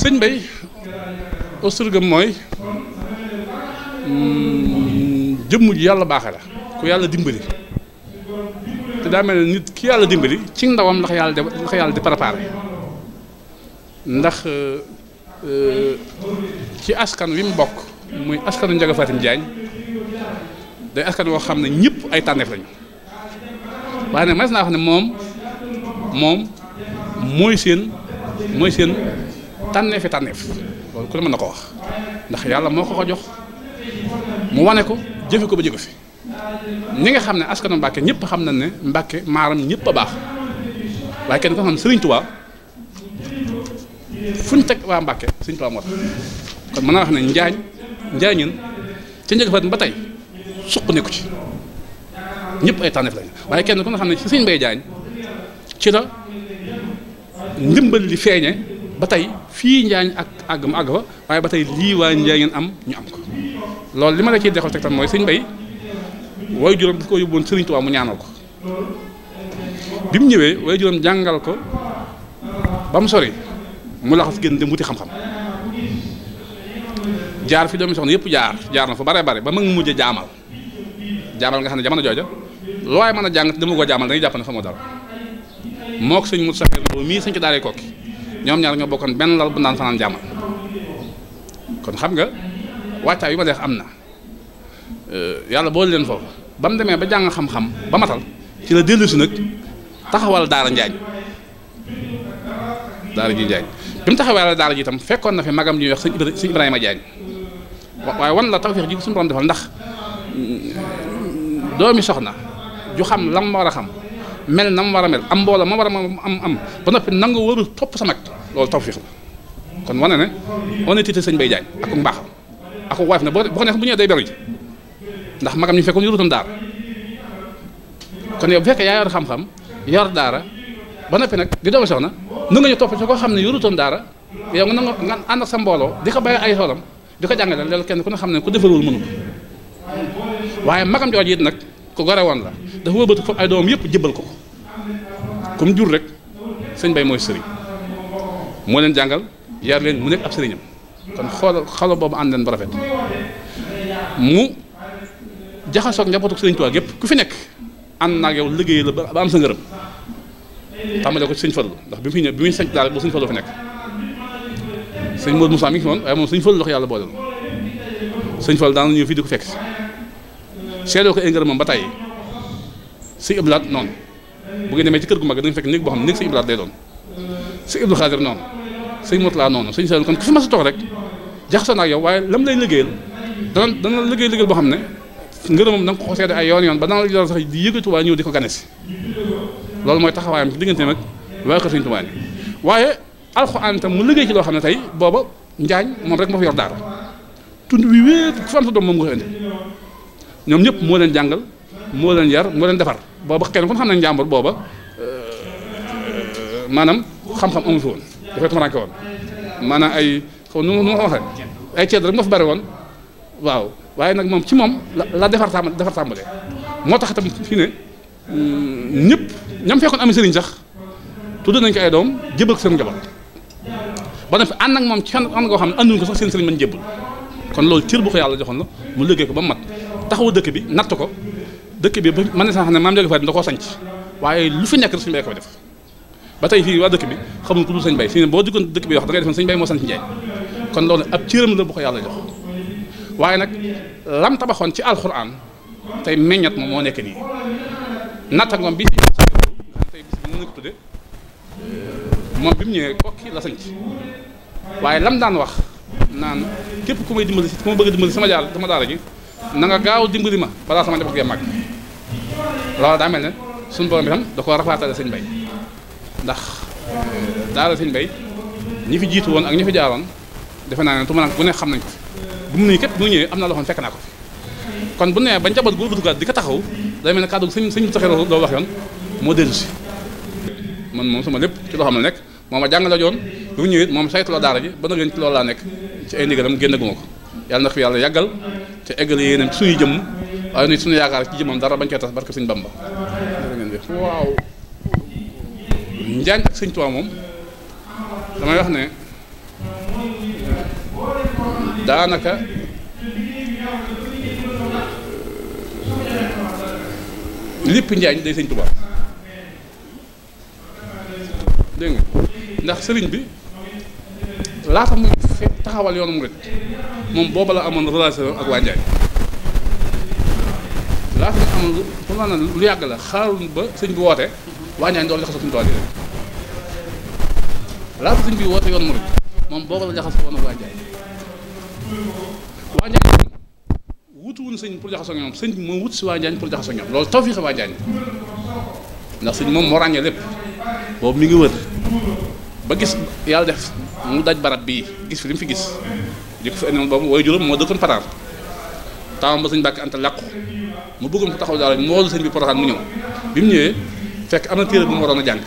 sëñ Bay austurgam mooy mm, jëmm ji yàlla baaxe la ku yàlla dimbali te daa mel ne nit ki yàlla dimbali ci ndawam la yàlla di la ko yàlla di préparé ndax euh, euh, ci askan wi mu bokk muy askanu Njaga Fatim Jaañ day askan woo xam ne ñëpp ay tànneef lañu waaye nag mas naa wax ne moom moom mooy seen mooy seen tànneefi tànneef loolu ku ne mën na ko wax ndax yàlla moo ko ko jox mu wane ko jëfe ko ba jóge fi ñi nga xam ne askanu Mbàkke ñépp xam nañ ne Mbàkke maaram ñëpp a baax waaye kenn ko xam ne Sëriñ fu ñu teg waa Mbàkke Sëriñ Tuubaa moo tax kon mën naa wax ne njaañ njaañin ca njëkk fa ba tey suq nekku ci ñëpp ay tànneef lañu waaye kenn ko nga xam ne ci Sëriñ Mbay Jaañ ci la ndimbal li feeñe ba tey fii njaañ ak àgg mu àgg fa waaye ba tey lii waa njaañeen am ñu am ko loolu li ma la ciy dexal tegtal mooy sëñ bay way juróom daf ko yóbboon mu ñaanal ko bi mu ñëwee way juróom jàngal ko ba mu sori mu laxas génn dem wuti xam-xam jaar fi doomi soxna yëpp jaar jaar na fa bare bare ba mag mu mujj jaamal nga xam ne jamono jooja looy mën a jàng te dama ko jaamal dañuy jàpp ne fa moo dal mook sëñ Moussa Sakir mii sëñ ci daaree kokki ñoom ñaar ñoo bokkoon benn lal bu naan fanaan jaamal kon xam nga wàccaay yu ma deex am na euh, yàlla boole leen foofu ba mu demee ba jàng xam-xam ba matal ci la dellusi nag taxawal daara njaañ daara ji njaañ bi mu taxawal daara ji itam fekkoon na fi magam ñuy wax sëñ Ibrahima Jaañ waaye wan la tawfeex ji suñu borom defal ndax mm, doomi soxna ju xam lam war a xam mel na mu war a mel am mbooloo ma war a am am ba noppi nangu warul topp sa mag loolu tawfiix la kon wane ne honnêteté sëñ Bay Jaañ ak mbaaxam ak waayef ne boo ko ne bu ñëwee day beru ndax magam ñu fekkoon yorutoon daara bu fekkee yaa yor xam yor daara ba noppi nag di doon soxna nu nga ñu topp koo xam ne yorutoon daara yow nga nangu nga ànd ak sa mbooloo di ko bàyyi ay xoolam di ko jàngale loolu kenn ku ne xam ne ku defarul mënu ko waaye magam jooju it nag ko gore woon la dafa wëlbatu foofu ay doomam yëpp jëbbal ko comme jur rek sëñ bay moy serigne mo len jangal yar len mu nek ab sëriñam kon xol xalo bobu ànd leen ba rafet mu ak njabotuk serigne tuwaa gep ku fi nek ànd naag yow liggey la ba am sa ngeureum tamale ko serigne fallu ndax bimu fi ñëw bimu muy dal daal bu sëñ fallu fi nek serigne Modou Moussa mi ngi fi woon waaye moom sëñ fallu loxo yàlla boole serigne fallu daana ñëw di ko fekk seedoo ko ay ba tay si iblat non. bu ngeen demee ci kër gu mag da nga fekk néeg boo xam ne néeg sëñ Ibrahima lay doon sëñ Abdou Khadir noonu sëñ Moutala noonu sëñ Saliou kon ku fi mas a toog rek jaxasoo naa ak yow waaye lam lay liggéeyal dana dana liggéey liggéeyal boo xam ne ngërëmam da nga ko xosee ay yoon yoon ba dana la doon sax di yëgatu waaye ñëw di ko ganesi loolu mooy taxawaayam ci diggante nag waa kër sëñ Tuubaa waaye alxuraan tam mu liggéey ci loo xam ne tey booba njaañ moom rek moo fi yor daara tund wi wéet ku fi am sa doom moom nga ko indi ñoom ñëpp moo leen jàngal moo leen yar moo leen defar booba kenn ku xam ne njàmbur booba maanaam xam-xam amu fi woon dafay tumaranke woon maanaam ay xaw nu ma waxee ay ceeb rek moo fi bari woon waaw waaye nag moom ci moom la defar tàmbale defar tàmbale moo tax itam fii ne ñëpp ñam fekkoon ami sëriñ sax tudd nañ ko ay doom jëbal ko seen njaboot ba na fi ànd ak moom ci fan ànd koo xam ne ànduñ ko sax seen sëriñ mën jëbal kon loolu cër bu ko yàlla joxoon la mu liggéey ko ba mu mat taxawu dëkk bi natt ko dëkk bi ba mën na sax ne maam Ndiaga Fadi da koo sanc waaye lu fi nekk rek suñu bay ko def ba tey fii waa dëkk bi xamul ku dul sëñ bay fii ne boo duggoon dëkk bi wax da ngay defoon sëñ bay moo sanc Njaay kon loolu ab cëram la bu yàlla jox waaye nag tabaxoon ci alxuraan tey meññat moom moo nekk nii nattangoom bi tey bi mën na ko tudde euh, mu ñëwee kokki la sanc waaye lam daan wax naan képp ku may dimbali si ku ma bëgg dimbali sama jaar sama daara ji na nga gaaw dimbali ma balaa sama njaboot gee mag loola daa mel ne suñu borom bi tam da koo rafaatale sëñ bay ndax daara sëñ bay ñi fi jiitu woon ak ñi fi jaaroon defe naa ne tu ma bu ne xam nañ ko fi bu mu ñëwee am na loo xam fekk ko kon bu nee bañ jabat gu butugaat di ko taxaw day mel ne kàddu sëñ sëñ bu taxee loolu wax yoon moo dellu si man moom sama lépp ci loo xam ne nekk moom a jàngale joon bu mu ñëwee moom saytu la daara ji ba na leen ci loolu laa nekk ci ay ndigalam génn gu ko yàlla na fi yàlla yàggal ci eggal yéenam ci suñuy jëmm waaye nuy suñu yaakaar ci jëmam dara bañ koy tas barke sëñ Bamba waaw Njaañ ak sëñ Tuubaa moom damay wax ne daanaka euh, lépp Njaañ day sëñ Tuubaa dégg nga ndax sëriñ bi laata muy taxawal yoonu murit moom booba la amoon relation ak waa Njaañ laas nga am lu pour maanaam lu yàgg la xaarul ba sëñ bi woote wàññaan doon jaxasoo suñu tool yi sëñ bi woote yoon murid moom boobu la jaxasoo woon ak wàññaan wàññaan wutuwul sëñ pour jaxasoo ñoom sëñ bi moo wut si wàññaan pour jaxasoo ñoom loolu taw fii sa wàññaan ndax sëñ moom moo ràññee lépp boobu mi ngi wër ba gis yàlla def mu daj barab bii gis fi li mu fi gis di ko fi indi boobu waaye juróom moo dëkkoon Pataar taawam ba sëñ Mbàkke Anta làqu mu bëggoon ko taxaw daal mu woolu sëñ bi poroxaan mu ñëw bi mu ñëwee fekk am na téere bu mu waroon a jàng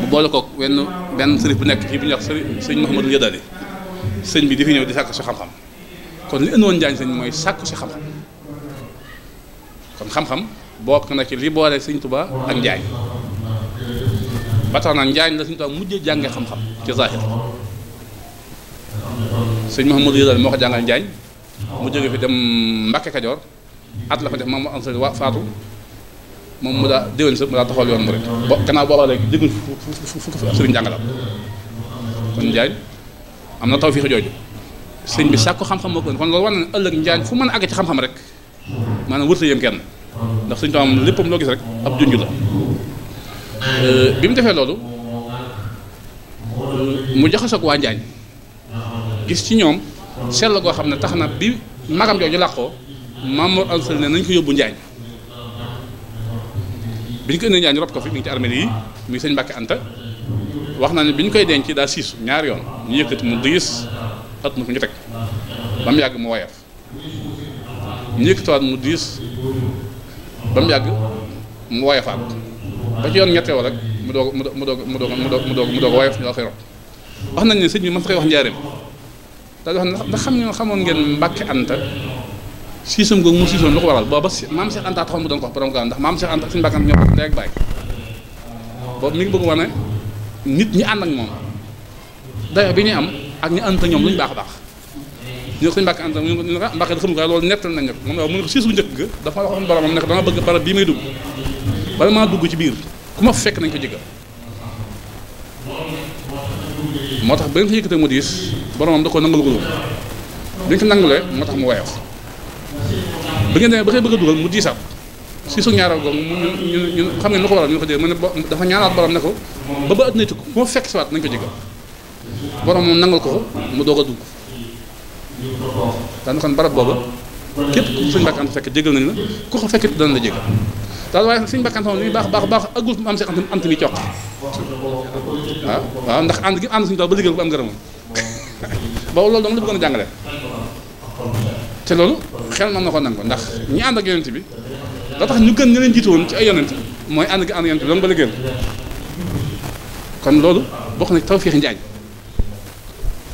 mu boole ko wenn benn sërif bu nekk fii bi ñuy wax sëriñ sëñ Mouhamadou bi di fi ñëw di sàkku si xam-xam kon li ëndoon njaañ mooy sàkku si xam-xam kon xam bokk na ci li boole sëñ Tuubaa ak njaañ ba tax na njaañ la sëñ Tuubaa mujjee jàngee xam-xam ci zahir sëñ Mouhamadou Yadali moo ko jàngal njaañ mu jóge fi dem Mbàkke Kajoor at la fa def moom waa faatu moom mu daa déwén sa mu daa taxawal yoon mu rek bo gannaaw booba léegi jëguñ fukk kon Njaañ am na taw fii jooju sëñ bi sàkku xam-xam moo ko loolu war na ëllëg Njaañ fu mën a àgg ci xam-xam rek maanaam wërta yem kenn ndax suñu tam léppam loo gis rek ab junj la euh, bi mu defee loolu euh, mu jaxasoog waa Njaañ gis ci ñoom seetlu goo xam ne tax na bi magam jooju làqoo Mamour Ansel ne nañ ko yóbbu Njaañ bi ñu ko indee Njaañ rob ko fi mi ci armée yi muy sëñ Mbàkke Anta wax naa ne bi ñu koy denc daa siisu ñaari yoon ñu yëkkati mu diis at mu ko ñu teg ba mu yàgg mu woyof ñu yëkkatiwaat mu diis ba mu yàgg mu woyofaat ba ci yoon ñetteel rek mu doo mu doog mu doog mu doog mu doog mu doog woyof ñu la koy rob wax nañ ne sëñ bi man fa koy wax njaareem daal di wax ndax xam ngeen xamoon ngeen Mbàkke Anta. siisam googu mu siisoon lu ko waral booba maam Cheikh Anta taxoon mu doon ko wax borom Gaawaan ndax maam Cheikh Anta suñu bakkan ñoo ko rek mi ngi bëgg wane nit ñi ànd ak moom dayo bi am ak ñi ànd ak ñoom lu ñu baax a baax ñu ko suñu bakkan ànd ak ñu ne ko ah, mbàkkee xamu ko loolu nettal nañ ko moom la mu ne ko siis bu njëkk ga dafa waxoon boromam ne ko dama bëgg barab bii may dugg bala maa dugg ci biir ku fekk nañ ko jéggal da ko nangul ko dañ ko nangulé motax mu bi ngeen ba bëgg a dugal mu diisaat si su ñaaral googu mu ñu ñu xam ngeen lu ko waral ñu ko jégal mu ne dafa ñaanaat borom ne ko ba ba at nay tukk moo fekk siwaat ko jégal borom moom ko mu doog a dugg daana kon barab booba képp ku suñu mbàkkante fekk jégal nañ la ku ko fekk dana la jégal daal waaye suñu mbàkkante moom li baax baax baax agul am si am antami coq waaw waaw ndax ànd gi ànd suñu daal ba liggéey ko am ngërëmam boobu loolu dong la bëggoon a jàngale te loolu xel mën na ko nangu ndax ñi ànd ak yonent bi da tax ñu gën ñu leen jiitu woon ci ay yonent mooy ànd gi ànd yonent bi doon ba liggéeyal kon loolu bokk na tawféex njaay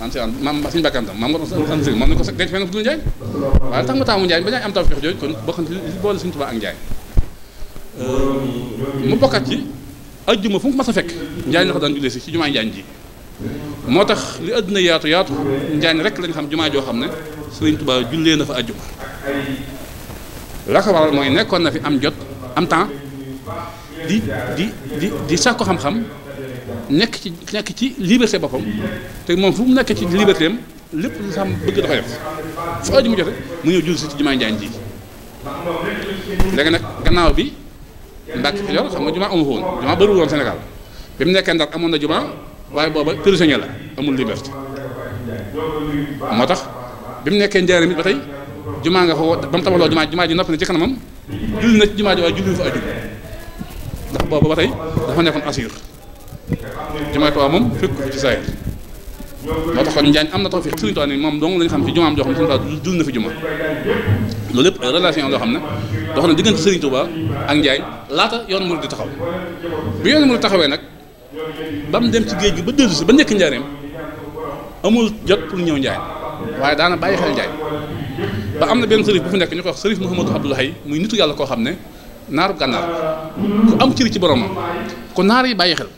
man si waan maam suñu bakkantam maam nga doon si moom ne ko denc fenn fu dul njaay waaye tax ma taamu njaay ba njaay am tawféex jooju kon bokk na li boole suñu Tuubaa ak njaay euh, mu bokkat ci ajjuma fu mu ko mas fekk njaay la ko daan jullee si ci jumaa njaay ji moo tax li àdduna yaatu yaatu njaañ rek lañ xam jumaa joo xam ne Sëriñ Tuubaa jullee na fa àjjuma la ko waral mooy nekkoon na fi am jot am temps di di di di sàkku xam-xam nekk ci nekk ci liberté boppam te moom fu nekk ci lépp lu xam bëgg da koy def fu jote mu ñëw julli si jumaa njaañ ji léegi nag gannaaw bi Mbàkke Kajoor xam nga jumaa amu fa jumaa bëriwul woon bi mu nekkee Ndar amoon na jumaa waaye booba prisonnier la amul liberté moo tax bi mu nekkee njaaram it ba tey jumaa nga fa wo ba mu tabaloo jumaa jumaa ji noppi na ci kanamam julli na ci jumaa ji waaye ndax booba ba tey dafa nekkoon assur jumaa Tuubaa moom fekk ko ci saayir Njaañ am na tax fi Sëriñ Tuubaa ni moom dong lañ xam fi jumaam joo xam ne Sëriñ Tuubaa na fi jumaa loolu lépp relation loo xam ne dox na diggante Sëriñ Tuubaa ak Njaañ laata yoon mu di taxaw bi yoon mu di taxawee nag ba mu dem ci géej gi ba dellu si ba nekk njaareem amul jot pour ñëw njaay waaye daana bàyyi xel njaay ba am na benn sërif bu fu nekk ñu ko wax sërif Mouhamadou Abdoulaye muy nitu yàlla koo xam ne naaru gànnaar ku am ciri ci boromam ku naar yi bàyyi xel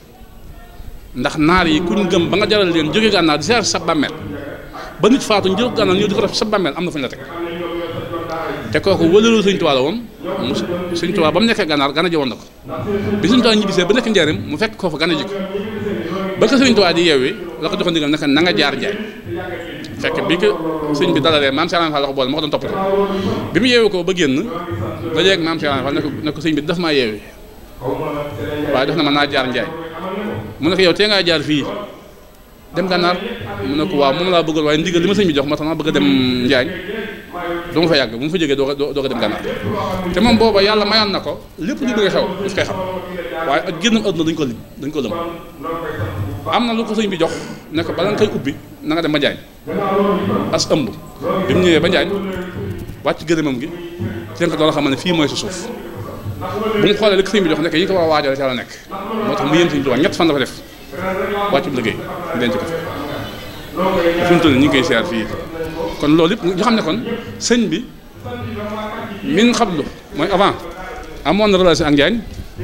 ndax naar yi kuñ gëm ba nga jaral leen jóge gànnaar di seer sa bàmmeel ba nit faatu njël gànnaar ñëw di ko def sa bàmmeel am na fu ñu la teg te kooku wëlelu sëñ tuwaala woon mu sëñ Tuubaa ba mu nekkee gànnaar gana ji na ko bi sëñ Tuubaa ñibbisee ba nekk njaarim mu fekk ko fa gana ko ba ko sëñ Tuubaa di yeewi la ko joxoon ndigal naka na jaar jaay fekk bi ko sëñ bi dalalee maam Cheikh Fall la ko boole moo ko doon toppatoo bi mu yeewi ko ba génn dajeeg maam Cheikh Fall ne ko nekk ko sëñ bi daf maa yeewi waaye def na ma naa jaar njaay mu ne ko tee ngaa jaar fii dem gànnaar mu ne ko waaw moom laa bëggoon waaye ndigal ma sëñ bi jox ma tax ma bëgg dem njaañ du ma fa yàgg bu ma fa jógee doo ko doo ko dem gànnaar te moom booba yàlla mayoon na ko lépp lu bëgg a xew daf koy xam waaye ak génnam àdduna dañ ko lim dañ ko lëm am na lu ko sëñ bi jox ne ba bala koy ubbi na dem ba Njaañ as ëmb bi mu ñëwee ba Njaañ wàcc gërëmam gi ci nga doon xam ne fii mooy sa suuf bu mu xoolee li ko sëñ bi jox nekk yi ko war a waajal ca la nekk moo tax mu yéen sëñ Tuubaa ñett fan dafa def wàccub liggéey ñu denc ko fi mu toll ñu loolu yëpp ñu xam ne kon sëñ bi min xablu mooy avant amoon na relation ak Njaañ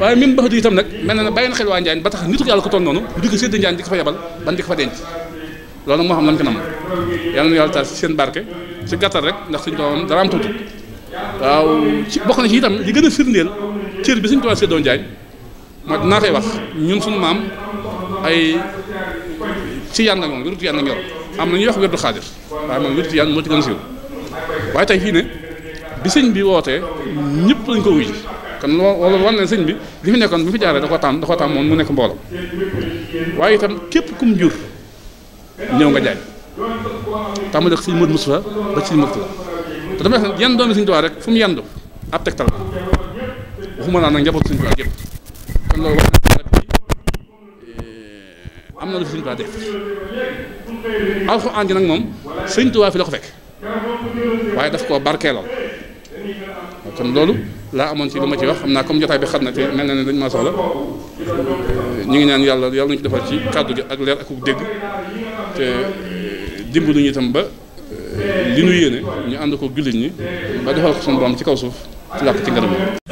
waaye min baxatu tam nag mel na ne bàyyi na xel waa Njaañ ba tax nitu yàlla ko toll noonu bu di ko sédd Njaañ di ko fa yebal ban di ko fa denc loolu moo xam lan ko nam yàlla na yàlla taal si seen barke ci gàttal rek ndax suñu doom dara am tuuti waaw ci bokk na ci tam li gën a firndeel cër bi suñu tubaab séddoo Njaañ moo dinaa koy wax ñun suñu maam ay tijaan nag moom wéru tijaan nag ñor am na ñuy wax wérdu xaadir waaye moom wéru tijaan moo ci gën a siiw waaye tey fii ne bi sëñ bi wootee ñëpp lañ ko wuy kon loolu wan bi li fi nekkoon bi fi jaaree da ko tànn da ko tànn moom mu képp kum jur ñëw nga jaay tàmbali ak sëñ Modou Moustapha ba ci Mourtala te dama am na lu Sëriñ Tuubaa def alxuraan ji nag moom Sëriñ Tuubaa fi la ko fekk waaye daf koo barkeelal kon loolu laa amoon ci lu ma ci wax xam naa comme jotaay bi xam na te mel na ne dañu ma soxla ñu ngi naan yàlla yàlla na ci defal ci kàddu gi ak leer ak dégg te eh, dimbalu ñu itam ba eh, li nu yéene ñu ànd ko jullit ñi ba defal ko borom ci kaw suuf ci làkk ci ngërëm